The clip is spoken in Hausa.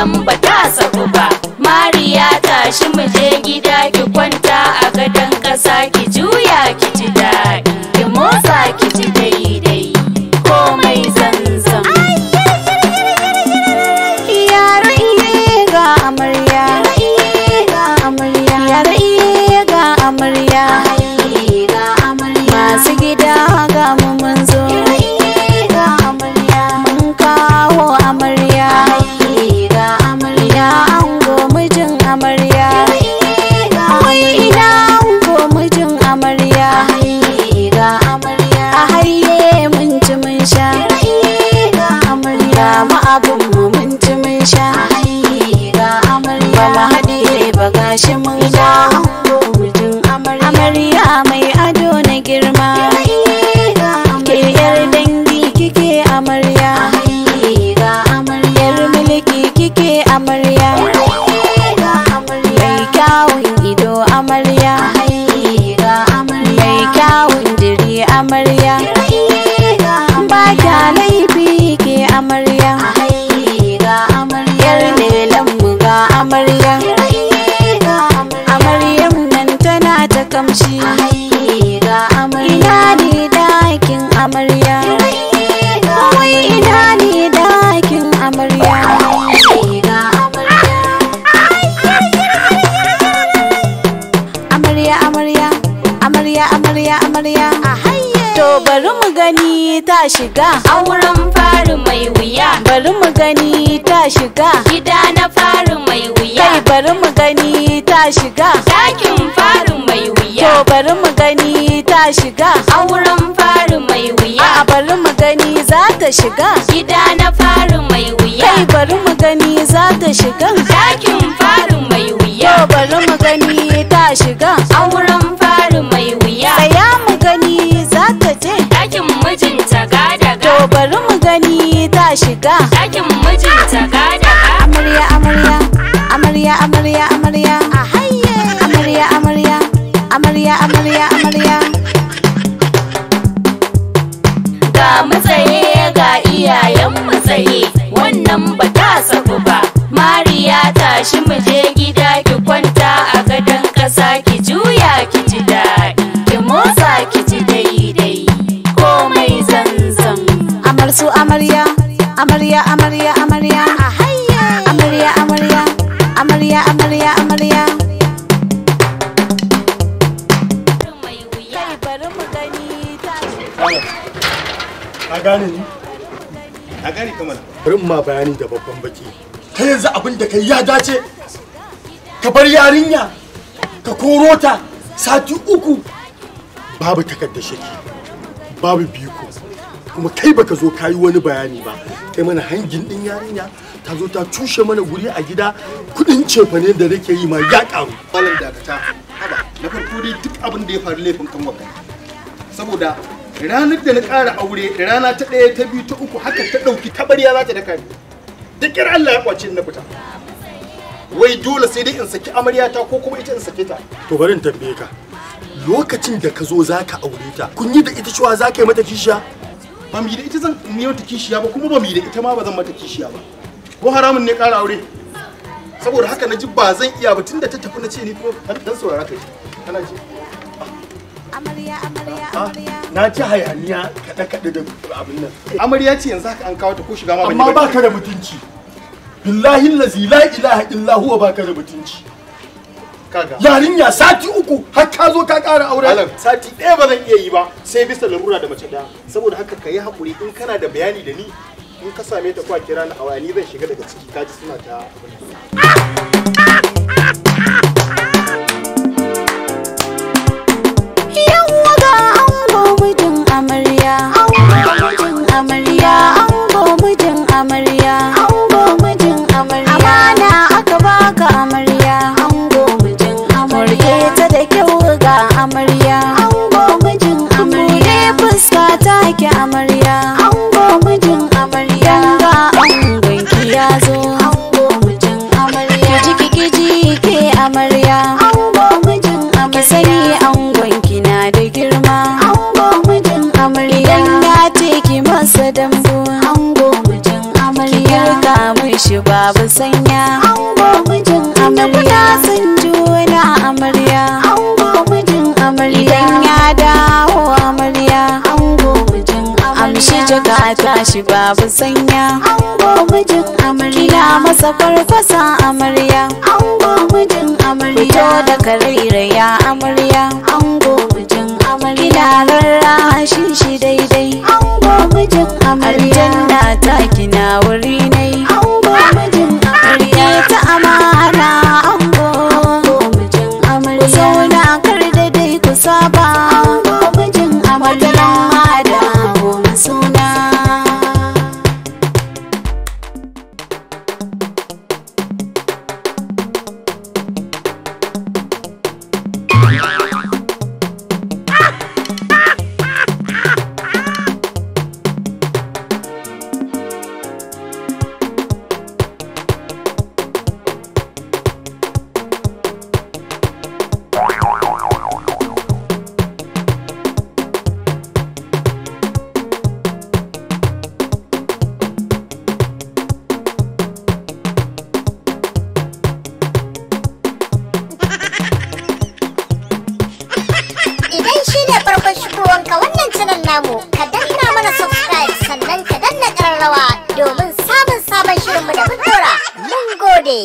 nan ba ta saku ba mariya tashi mu je gida ki kwanta a gadon ƙasa ki amarya ba kya laifi ke amarya yar ga amarya amaryam nan tana ta kamshi ina ne dakin amarya ina dakin bari mu gani ta shiga auren fari mai wuya bari mu gani ta shiga gida na fari mai wuya kai bari mu gani ta shiga ɗakin fari mai wuya to bari mu gani ta shiga auren fari mai wuya a bari mu gani za ta shiga gida na fari mai wuya kai bari mu gani za ta shiga ɗakin fari mai wuya to bari mu gani ta shiga auren bari mu gani ta shiga ɗakin mijinta kada amarya amarya amarya amarya amarya a hayye amarya amarya amarya amarya amarya ga matsaye ga iyayen matsaye wannan ba ta saku ba mariya tashi miji ka gane ni ka gane kamar ma bayani da babban baki ta yanzu abin da kai ya dace ka bar yarinya ka koro ta sati uku babu takardar shaki babu biko kuma kai baka zo ka yi wani bayani ba kai mana hangin ɗin yarinya ta zo ta tushe mana guri a gida kudin cefane da nake yi ma ya karu malam dakata haba na farko dai duk abin da ya faru laifin kan saboda ranar da na ƙara aure rana ta ɗaya ta biyu ta uku haka ta ɗauki taɓarya za ta daka ni da ƙyar Allah ya kwace na fita wai dole sai dai in saki amaryata ko kuma ita in sake ta to bari in tambaye ka lokacin da ka zo za ka aure ta kun yi da ita cewa za ka yi mata kishiya ba mu yi da ita zan yi mata kishiya ba kuma ba mu yi da ita ma ba zan mata kishiya ba ko haramun ne ƙara aure saboda haka na ji ba zan iya ba tunda ta tafi na ce ni ko dan saurara kai kana ji amarya amarya ah. amarya na ci hayaniya kaɗe kaɗe da abin nan amarya ce yanzu haka an kawo ta ko shiga ma amma ba ka da mutunci billahi lazi la ilaha illa huwa ba ka da mutunci yarinya sati uku har ka zo ka ƙara aure sati ɗaya ba zan iya yi ba sai bisa larura da mace ɗaya saboda haka ka yi haƙuri in kana da bayani da ni in ka same ta kwa kira na awani zan shiga daga ciki Ka ji suna ta abin amarya ango mijin amarya amana aka baka amarya ango mijin amarya ta da kyau ga amarya ango mijin amarya ne fuska ki amarya ango mijin amarya ga angon ki ya zo ango mijin amarya ki kiji ke amarya ango mijin amarya sani ango abu sanya mijin amarya sun juna amarya mijin amarya idan ya dawo amarya ango mijin amarya amshi jaka tashi babu sanya ango mijin amarya kila masa farfasa amarya ango mijin amarya fito da karairaya amarya ango mijin amarya kila rarra shi daidai ango mijin amarya aljanna ta kina wuri canal namu ka danna mana subscribe sannan ka danna ƙararrawa domin samun sabon shirinmu da mun Mun gode.